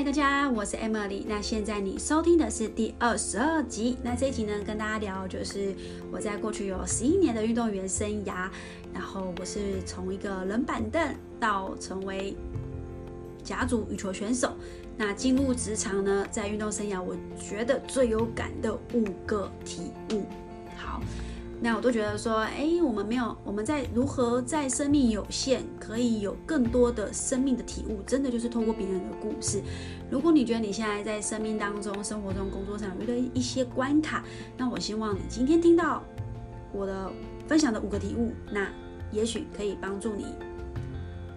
嗨，大家我是 Emily。那現在你收聽的是第二十二集。那這一集呢，跟大家聊就是我在過去有十一年的運動員生涯，然後我是從一個冷板凳到成為甲組羽球選手。那進入職場呢，在運動生涯，我覺得最有感的五個體悟。好。那我都覺得說，哎，我們沒有，我們在如何在生命有限，可以有更多的生命的體悟，真的就是透過別人的故事。如果你覺得你現在在生命當中、生活中、工作上有遇到一些關卡，那我希望你今天聽到我的分享的五個體悟，那也許可以幫助你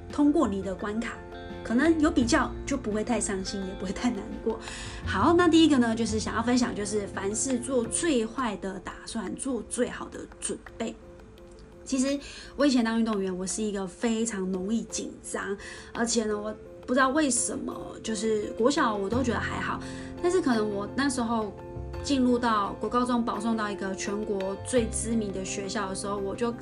通過你的關卡。可能有比較就不會太傷心，也不會太難過。好，那第一個呢，就是想要分享，就是凡事做最壞的打算，做最好的準備。其實我以前當運動員，我是一個非常容易緊張，而且呢，我不知道為什麼，就是國小我都覺得還好，但是可能我那時候進入到國高中保送到一個全國最知名的學校的時候，我就。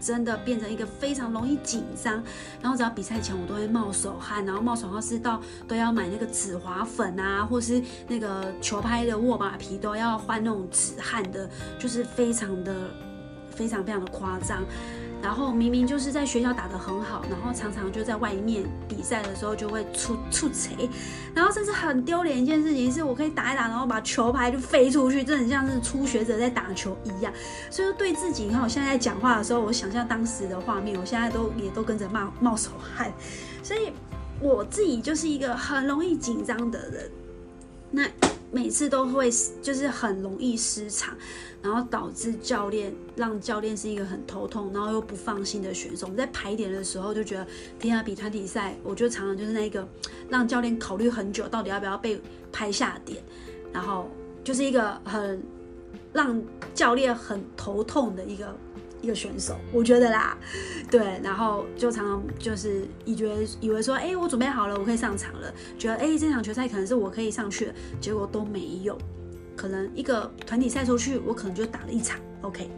真的變成一個非常容易緊張，然後只要比賽前我都會冒手汗，然後冒手汗是到都要買那個止滑粉啊，或是那個球拍的握把皮都要換那種止汗的，就是非常的、非常非常的誇張。然後明明就是在學校打得很好，然後常常就在外面比賽的時候就會出出醜，然後甚至很丟臉。一件事情是我可以打一打，然後把球拍就飛出去，真的像是初學者在打球一樣。所以就對自己，你看我現在，在講話的時候，我想象當時的畫面，我現在都也都跟着冒冒手汗。所以我自己就是一個很容易緊張的人。那。每次都會就是很容易失常，然後導致教練讓教練是一個很頭痛，然後又不放心的選手。我們在排點的時候就覺得，天啊，比團體賽，我覺得常常就是那個讓教練考慮很久，到底要不要被排下點，然後就是一個很讓教練很頭痛的一個，一個選手，我覺得啦，對，然後就常常就是以覺得以為說，哎、欸，我準備好了，我可以上場了，覺得哎、欸，這場球賽可能是我可以上去了，結果都沒有，可能一個團體賽出去，我可能就打了一場，OK，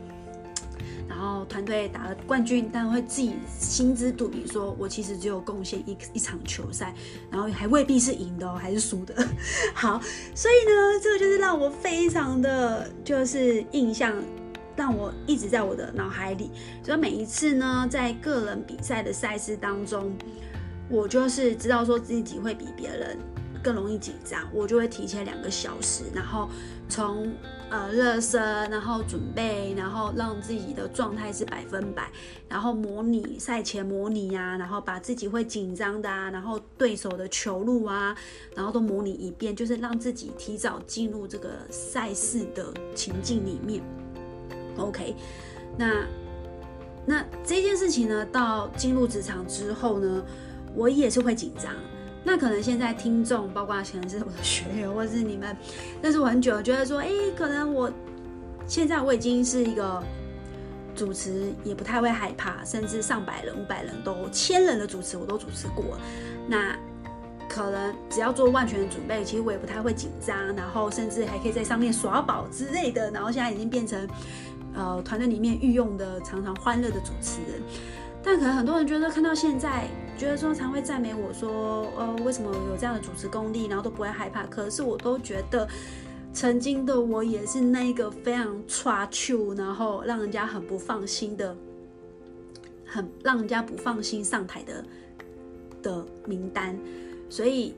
然後團隊打了冠軍，但會自己心知肚明說，說我其實只有貢獻一一場球賽，然後還未必是贏的哦、喔，還是輸的。好，所以呢，這個就是讓我非常的就是印象，讓我一直在我的腦海裡，所以每一次呢，在個人比賽的賽事當中，我就是知道說自己會比別人更容易緊張，我就會提前兩個小時，然後從呃熱身，然後準備，然後讓自己的狀態是百分百，然後模擬賽前模擬呀、啊，然後把自己會緊張的啊，然後對手的球路啊，然後都模擬一遍，就是讓自己提早進入這個賽事的情境裡面。OK，那那這件事情呢，到進入職場之後呢，我也是會緊張。那可能現在聽眾，包括可能是我的學員，或是你們認識我很久，覺得說，哎、欸，可能我現在我已經是一個主持，也不太會害怕，甚至上百人、五百人都、千人的主持我都主持過。那可能只要做萬全的準備，其實我也不太會緊張，然後甚至還可以在上面耍寶之類的。然後現在已經變成。呃，團隊裡面御用的常常歡樂的主持人，但可能很多人覺得看到現在，覺得說常會讚美我說，呃，為什麼有這樣的主持功力，然後都不會害怕。可是我都覺得，曾經的我也是那一個非常 trou，然後讓人家很不放心的，很讓人家不放心上台的的名單。所以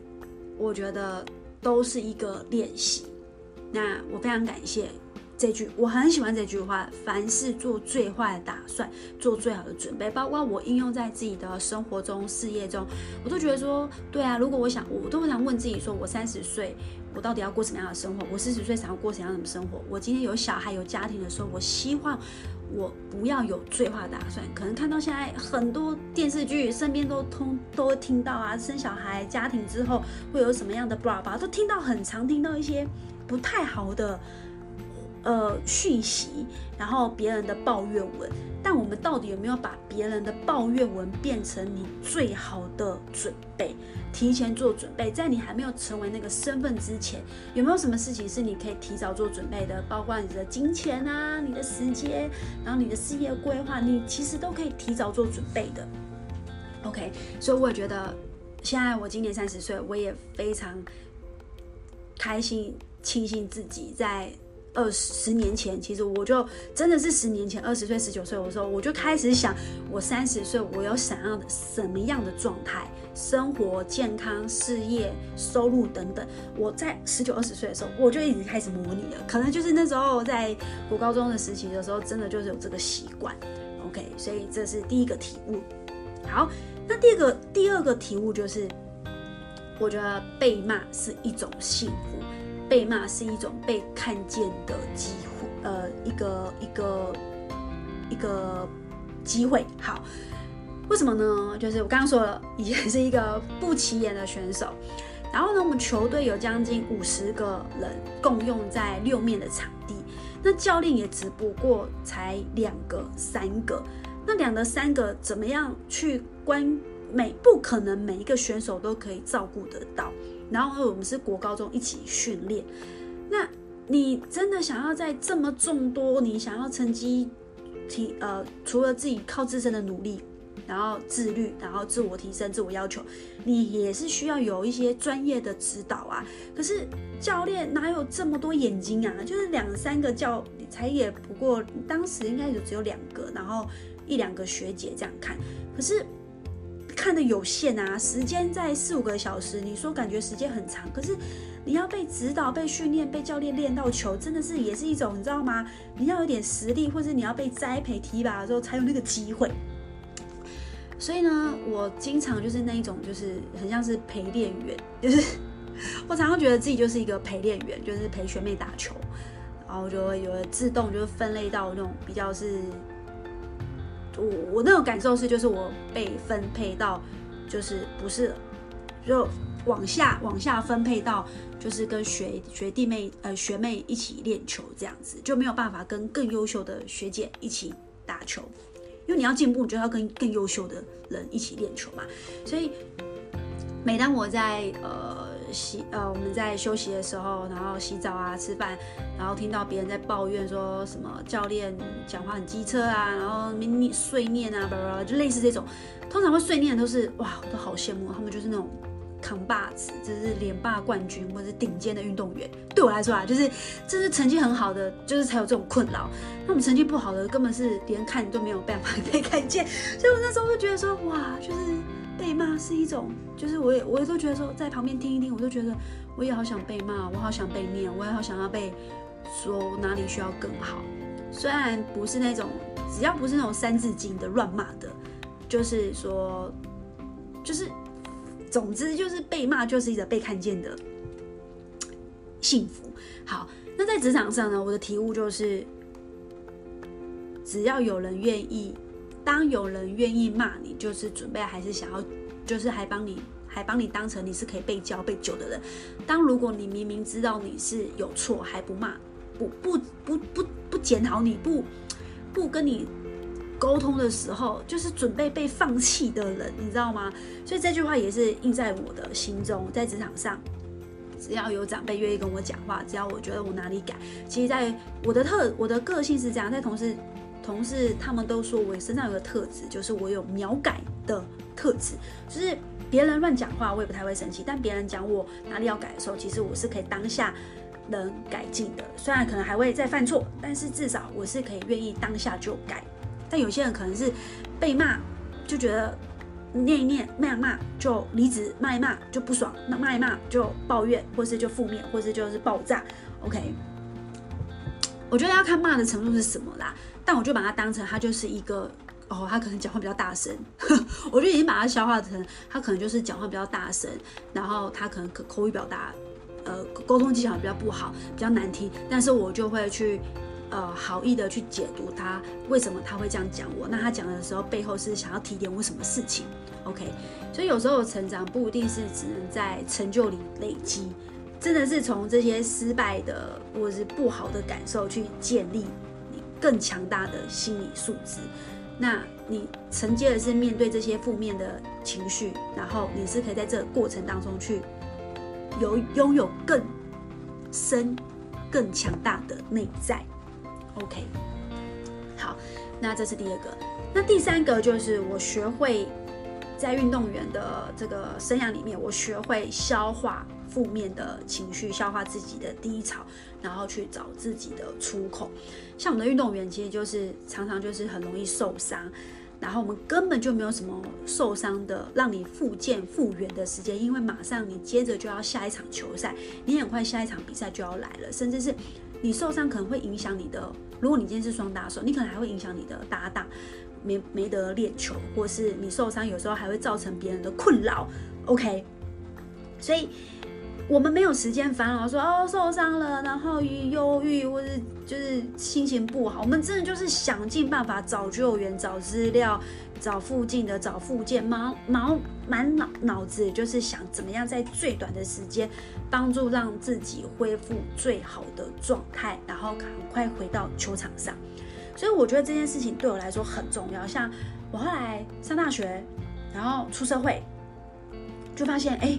我覺得都是一個練習。那我非常感謝。這句我很喜歡這句話，凡事做最壞的打算，做最好的準備。包括我應用在自己的生活中、事業中，我都覺得說，對啊。如果我想，我都會想問自己說，我三十歲，我到底要過什麼樣的生活？我四十歲想要過什麼樣的生活？我今天有小孩、有家庭的時候，我希望我不要有最壞打算。可能看到現在很多電視劇，身邊都通都聽到啊，生小孩、家庭之後會有什麼樣的 b l 都聽到很常聽到一些不太好的。呃，訊息，然後別人的抱怨文，但我們到底有沒有把別人的抱怨文變成你最好的準備？提前做準備，在你還沒有成為那個身份之前，有沒有什麼事情是你可以提早做準備的？包括你的金錢啊，你的時間，然後你的事業規劃，你其實都可以提早做準備的。OK，所以我覺得，現在我今年三十歲，我也非常開心，慶幸自己在。二十年前，其實我就真的是十年前，二十歲、十九歲的時候，我就開始想，我三十歲我有想要的什麼樣的狀態，生活、健康、事業、收入等等。我在十九、二十歲的時候，我就已經開始模擬了。可能就是那時候在讀高中的時期的時候，真的就是有這個習慣。OK，所以這是第一個體悟。好，那第二個第二個體悟就是，我覺得被罵是一種幸福。被罵是一種被看見的機會，呃，一個一個一個機會。好，為什麼呢？就是我剛剛說了，以前是一個不起眼的選手，然後呢，我們球隊有將近五十個人共用在六面的場地，那教練也只不過才兩個三個，那兩個三個怎麼樣去關每，不可能每一個選手都可以照顧得到。然後我們是國高中一起訓練，那你真的想要在這麼眾多，你想要成績提，呃，除了自己靠自身的努力，然後自律，然後自我提升、自我要求，你也是需要有一些專業的指導啊。可是教練哪有這麼多眼睛啊？就是兩三個教才也不過，當時應該就只有兩個，然後一兩個學姐這樣看，可是。看得有限啊，時間在四五個小時，你說感覺時間很長，可是你要被指導、被訓練、被教練練到球，真的是也是一種，你知道嗎？你要有點實力，或者你要被栽培提拔之後才有那個機會。所以呢，我經常就是那一種，就是很像是陪練員，就是我常常覺得自己就是一個陪練員，就是陪學妹打球，然後就有自動就分類到那種比較是。我我那種感受是，就是我被分配到，就是不是就往下往下分配到，就是跟學學弟妹呃學妹一起練球這樣子，就沒有辦法跟更優秀的學姐一起打球，因為你要進步，你就要跟更優秀的人一起練球嘛。所以每當我在呃。洗，呃我們在休息的時候，然後洗澡啊，吃飯，然後聽到別人在抱怨說什麼教練講話很機車啊，然後那邊念碎念啊，blah blah, 就類似這種。通常會碎念的都是哇，我都好羨慕他們，就是那種扛把子，就是連霸冠軍或者頂尖的運動員。對我來說啊，就是，就是這是成績很好的，就是才有這種困擾。那我們成績不好的，根本是別人看你都沒有辦法被看見。所以我那時候就覺得說哇，就是。被罵是一種，就是我也我也都覺得說在旁邊聽一聽，我都覺得我也好想被罵，我好想被念，我也好想要被說哪裡需要更好。雖然不是那種只要不是那種三字經的亂罵的，就是說就是總之就是被罵就是一個被看見的幸福。好，那在職場上呢，我的體悟就是只要有人願意。當有人願意罵你，就是準備還是想要，就是還幫你，還幫你當成你是可以被教、被救的人。當如果你明明知道你是有錯還不罵，不不不不不，不檢討你，你不不跟你溝通的時候，就是準備被放棄的人，你知道嗎？所以這句話也是印在我的心中，在職場上，只要有長輩願意跟我講話，只要我覺得我哪裡改，其實在我的特我的個性是這樣，在同事。同事他們都說我身上有個特質，就是我有秒改的特質，就是別人亂講話我也不太會生氣，但別人講我哪裡要改的時候，其實我是可以當下能改進的，雖然可能還會再犯錯，但是至少我是可以願意當下就改。但有些人可能是被罵就覺得念一念罵一罵就離職，罵一罵就不爽，那罵一罵就抱怨，或是就負面，或是就是爆炸。OK。我覺得要看罵的程度是什麼啦，但我就把他當成他就是一個，哦，他可能講話比較大聲，我就已經把他消化成他可能就是講話比較大聲，然後他可能口口語表達，呃，溝通技巧比較不好，比較難聽，但是我就會去，呃，好意的去解讀他為什麼他會這樣講我，那他講的時候背後是想要提點我什麼事情，OK，所以有時候我成長不一定是只能在成就裡累積。真的是從這些失敗的或是不好的感受去建立你更強大的心理素質。那你承接的是面對這些負面的情緒，然後你是可以在這個過程當中去有擁有更深、更強大的內在。OK，好，那這是第二個。那第三個就是我學會在運動員的這個生涯裡面，我學會消化。負面的情緒，消化自己的低潮，然後去找自己的出口。像我們的運動員，其實就是常常就是很容易受傷，然後我們根本就沒有什麼受傷的讓你復健復原的時間，因為馬上你接着就要下一場球賽，你很快下一場比賽就要來了，甚至是你受傷可能會影響你的，如果你今天是雙打手，你可能還會影響你的搭檔，沒沒得練球，或是你受傷有時候還會造成別人的困擾。OK，所以，我們沒有時間煩惱說哦受傷了，然後憂鬱，或是就是心情不好。我們真的就是想盡辦法找救援、找資料、找附近的、找附件，忙忙滿腦腦子就是想怎麼樣在最短的時間幫助讓自己恢復最好的狀態，然後趕快回到球場上。所以我覺得這件事情對我來說很重要。像我後來上大學，然後出社會，就發現哎。誒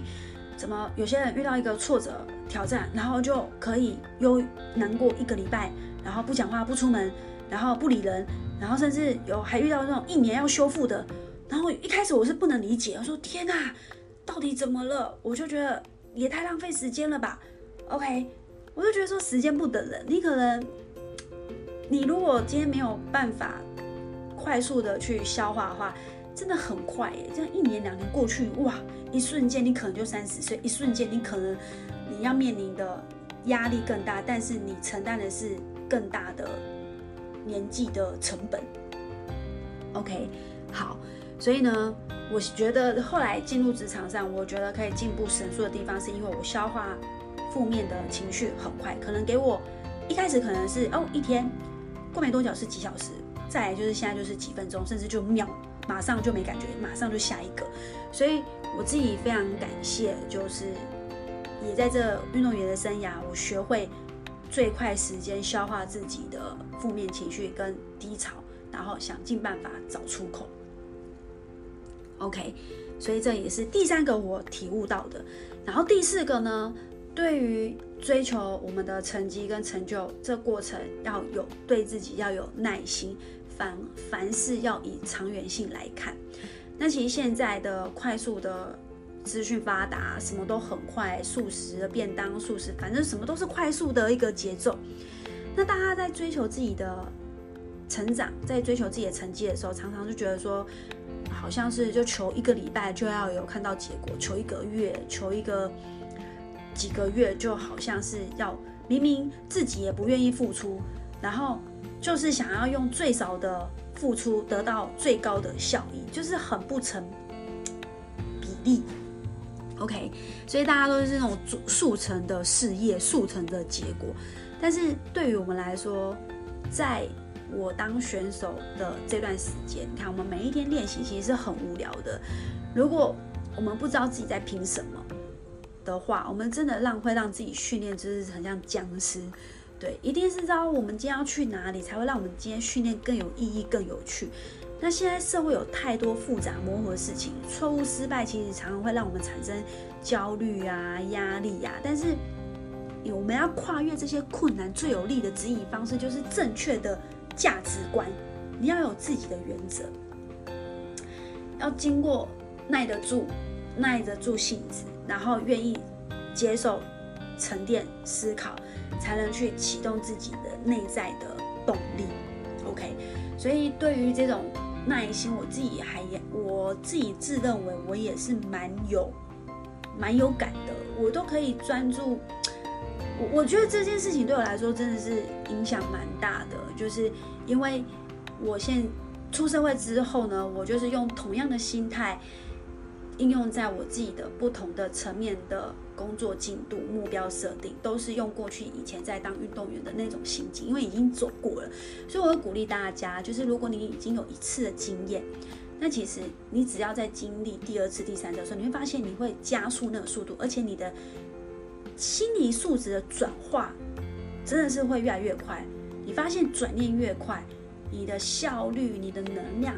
怎麼？有些人遇到一個挫折、挑戰，然後就可以憂難過一個禮拜，然後不講話、不出門，然後不理人，然後甚至有還遇到那種一年要修復的。然後一開始我是不能理解，我說天哪，到底怎麼了？我就覺得也太浪費時間了吧。OK，我就覺得說，時間不等人，你可能，你如果今天沒有辦法快速的去消化的話。真的很快欸，這樣一年兩年過去，哇，一瞬間你可能就三十歲，一瞬間你可能你要面臨的壓力更大，但是你承擔的是更大的年紀的成本。OK，好，所以呢，我覺得後來進入職場上，我覺得可以進步神速的地方，是因為我消化負面的情緒很快，可能給我一開始可能是哦，一天，過沒多久是幾小時，再來就是現在就是幾分鐘，甚至就秒。馬上就沒感覺，馬上就下一個。所以我自己非常感謝，就是也在這運動員的生涯，我學會最快時間消化自己的負面情緒跟低潮，然後想盡辦法找出口。OK，所以這也是第三個我體悟到的。然後第四個呢，對於追求我們的成績跟成就，這過程要有，對自己要有耐心。凡凡事要以長遠性來看，那其實現在的快速的資訊發達，什麼都很快，速食的便當、速食，反正什麼都是快速的一個節奏。那大家在追求自己的成長，在追求自己的成績的時候，常常就覺得說，好像是就求一個禮拜就要有看到結果，求一個月，求一個幾個月，就好像是要明明自己也不願意付出，然後。就是想要用最少的付出得到最高的效益，就是很不成比例。OK，所以大家都是那種速成的事業、速成的結果。但是對於我們來說，在我當選手的這段時間，你看我們每一天練習其實是很無聊的。如果我們不知道自己在拼什麼的話，我們真的讓會讓自己訓練就是很像僵屍。對，一定是知道我們今天要去哪裡，才會讓我們今天訓練更有意義、更有趣。那現在社會有太多複雜磨合事情，錯誤、失敗其實常常會讓我們產生焦慮啊、壓力呀、啊。但是、欸，我們要跨越這些困難，最有力的指引方式就是正確的價值觀。你要有自己的原則，要經過耐得住、耐得住性子，然後願意接受沉澱思考。才能去啟動自己的內在的動力，OK。所以對於這種耐心，我自己還也我自己自認為我也是蠻有蠻有感的，我都可以專注。我我覺得這件事情對我來說真的是影響蠻大的，就是因為我現在出社會之後呢，我就是用同樣的心態。應用在我自己的不同的層面的工作進度、目標設定，都是用過去以前在當運動員的那種心境，因為已經走過了，所以我會鼓勵大家，就是如果你已經有一次的經驗，那其實你只要在經歷第二次、第三次的時候，你會發現你會加速那個速度，而且你的心理素質的轉化真的是會越來越快。你發現轉念越快，你的效率、你的能量，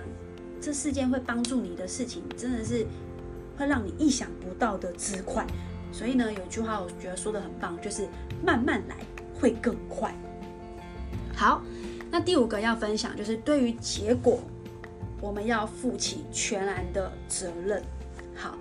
這世間會幫助你的事情，真的是，會讓你意想不到的之快，所以呢，有句話我覺得說得很棒，就是慢慢來會更快。好，那第五個要分享就是對於結果，我們要負起全然的責任。好，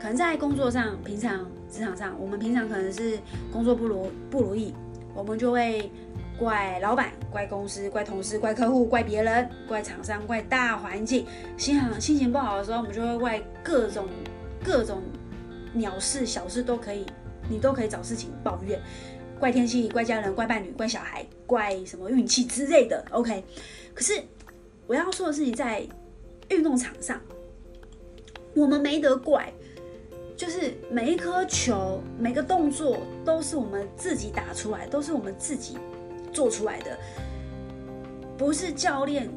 可能在工作上、平常職場上，我們平常可能是工作不如不如意，我們就會怪老闆、怪公司、怪同事、怪客戶、怪別人、怪廠商、怪大環境。心想心情不好的時候，我們就會怪各種，各種鳥事小事都可以，你都可以找事情抱怨，怪天氣、怪家人、怪伴侶、怪小孩、怪什麼運氣之類的。OK，可是我要說的是，你在運動場上，我們沒得怪，就是每一顆球、每個動作都是我們自己打出來，都是我們自己做出來的，不是教練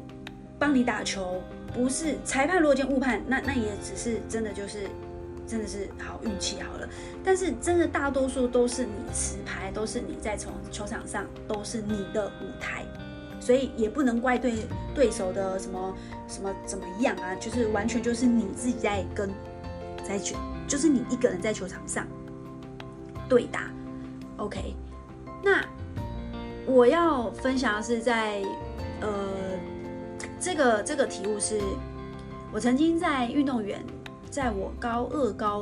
幫你打球，不是裁判如果間誤判，那那也只是真的就是。真的是好運氣好了，但是真的大多數都是你持牌，都是你在從球場上，都是你的舞台，所以也不能怪對對手的什麼什麼怎麼樣啊，就是完全就是你自己在跟在球，就是你一個人在球場上對打。OK，那我要分享的是在呃這個這個體悟是，我曾經在運動員。在我高二高、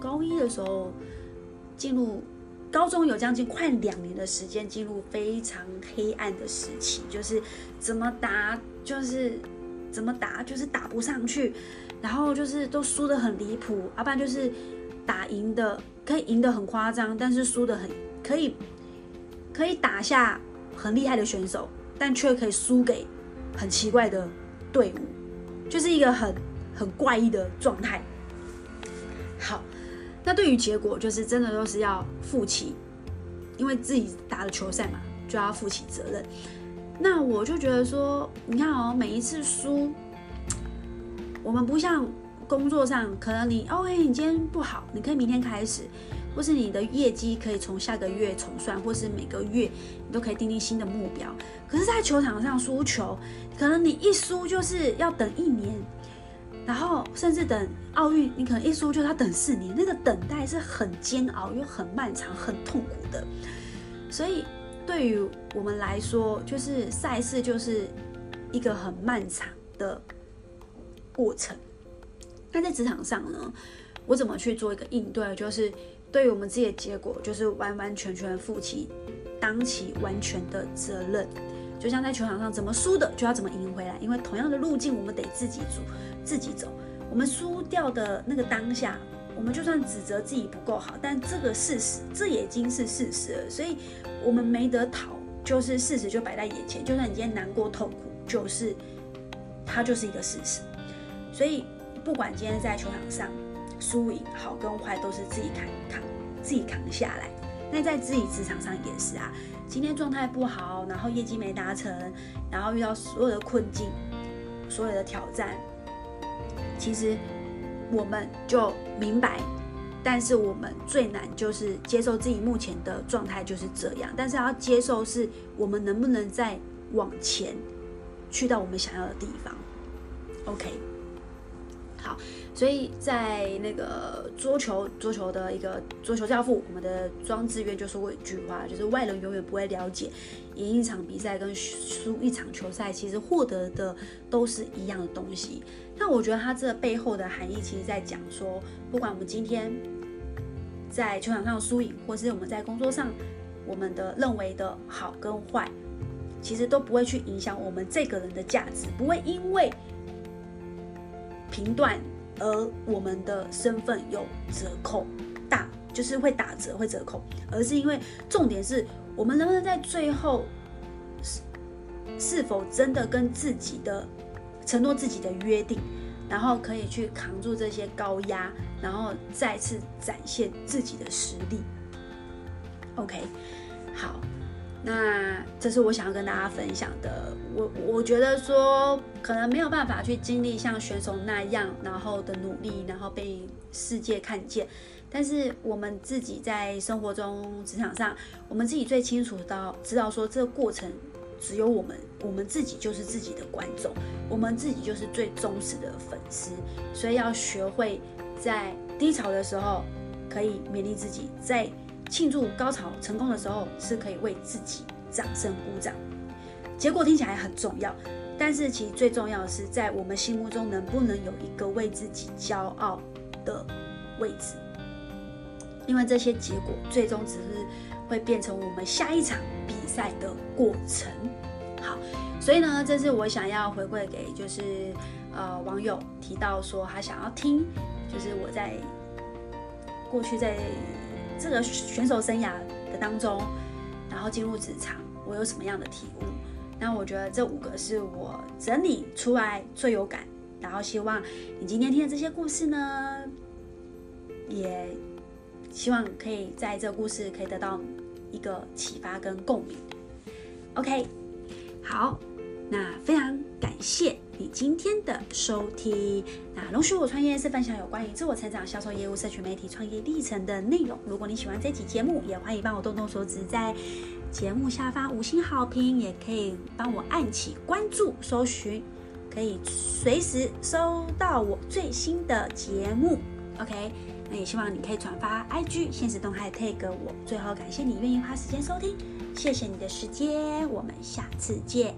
高高一的時候，進入高中有將近快兩年的時間，進入非常黑暗的時期，就是怎麼打，就是怎麼打，就是打不上去，然後就是都輸得很離譜。要不然就是打贏的可以贏得很誇張，但是輸得很可以可以打下很厲害的選手，但卻可以輸給很奇怪的隊伍，就是一個很。很怪異的狀態。好，那對於結果，就是真的都是要負起，因為自己打的球賽嘛，就要負起責任。那我就覺得說，你看哦，每一次輸，我們不像工作上，可能你哦，哎、OK，你今天不好，你可以明天開始，或是你的業績可以從下個月重算，或是每個月你都可以訂定新的目標。可是，在球場上輸球，可能你一輸就是要等一年。然後，甚至等奧運，你可能一輸就他等四年，那個等待是很煎熬又很漫長、很痛苦的。所以，對於我們來說，就是賽事就是一個很漫長的過程。那在職場上呢，我怎麼去做一個應對？就是對於我們自己的結果，就是完完全全負起擔起完全的責任。就像在球場上，怎麼輸的就要怎麼贏回來，因為同樣的路徑，我們得自己走，自己走。我們輸掉的那個當下，我們就算指責自己不夠好，但這個事實，這也已經是事實了，所以我們沒得逃，就是事實就擺在眼前。就算你今天難過痛苦，就是它就是一個事實。所以不管今天在球場上輸贏好跟壞，都是自己扛，扛，自己扛下來。那在自己職場上也是啊，今天狀態不好，然後業績沒達成，然後遇到所有的困境、所有的挑戰，其實我們就明白，但是我們最難就是接受自己目前的狀態就是這樣，但是要接受，是我們能不能再往前去到我們想要的地方？OK。好，所以在那個桌球，桌球的一個桌球教父，我們的莊智淵就說過一句話，就是外人永遠不會了解，贏一場比賽跟輸一場球賽，其實獲得的都是一樣的東西。那我覺得他這背後的含義，其實在講說，不管我們今天在球場上輸贏，或是我們在工作上，我們的認為的好跟壞，其實都不會去影響我們這個人的價值，不會因為。評斷，而我們的身份有折扣，大，就是會打折，會折扣，而是因為重點是，我們能不能在最後是，是是否真的跟自己的承諾、自己的約定，然後可以去扛住這些高壓，然後再次展現自己的實力？OK，好。那這是我想要跟大家分享的。我我覺得說，可能沒有辦法去經歷像選手那樣，然後的努力，然後被世界看見。但是我們自己在生活中、職場上，我們自己最清楚到知道說，這個過程只有我們，我們自己就是自己的觀眾，我們自己就是最忠實的粉絲。所以要學會在低潮的時候，可以勉勵自己，在。慶祝高潮成功的時候是可以為自己掌聲鼓掌。結果聽起來很重要，但是其實最重要的是在我們心目中能不能有一個為自己驕傲的位置。因為這些結果最終只是會變成我們下一場比賽的過程。好，所以呢，這是我想要回饋給就是呃網友提到說他想要聽，就是我在過去在。這個選手生涯的當中，然後進入職場，我有什麼樣的體悟？那我覺得這五個是我整理出來最有感，然後希望你今天聽的這些故事呢，也希望可以在這個故事可以得到一個啟發跟共鳴。OK，好。那非常感謝你今天的收聽。那容許我創業是分享有關於自我成長、銷售業務、社群媒體創業歷程的內容。如果你喜歡這期節目，也歡迎幫我動動手指，在節目下方五星好評，也可以幫我按起關注、搜尋，可以隨時收到我最新的節目。OK，那也希望你可以轉發 IG 限時動態 tag 我。最後，感謝你願意花時間收聽，謝謝你的時間，我們下次見。